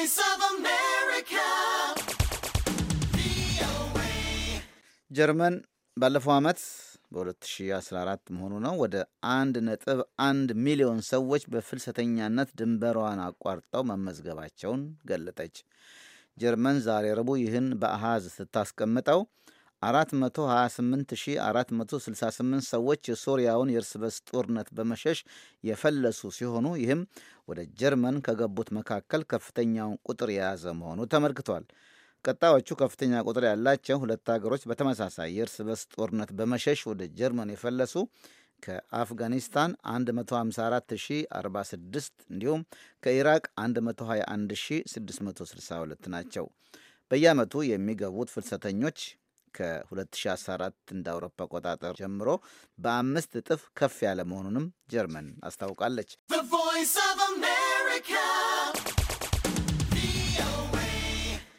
Voice of America. ጀርመን ባለፈው ዓመት በ2014 መሆኑ ነው ወደ 1.1 ሚሊዮን ሰዎች በፍልሰተኛነት ድንበሯን አቋርጠው መመዝገባቸውን ገለጠች። ጀርመን ዛሬ ረቡዕ ይህን በአሃዝ ስታስቀምጠው 428468 ሰዎች የሶሪያውን የእርስ በርስ ጦርነት በመሸሽ የፈለሱ ሲሆኑ ይህም ወደ ጀርመን ከገቡት መካከል ከፍተኛውን ቁጥር የያዘ መሆኑ ተመልክቷል። ቀጣዮቹ ከፍተኛ ቁጥር ያላቸው ሁለት ሀገሮች በተመሳሳይ የእርስ በርስ ጦርነት በመሸሽ ወደ ጀርመን የፈለሱ ከአፍጋኒስታን 124046 እንዲሁም ከኢራቅ 121662 ናቸው። በየዓመቱ የሚገቡት ፍልሰተኞች ከ2014 እንደ አውሮፓ አቆጣጠር ጀምሮ በአምስት እጥፍ ከፍ ያለ መሆኑንም ጀርመን አስታውቃለች።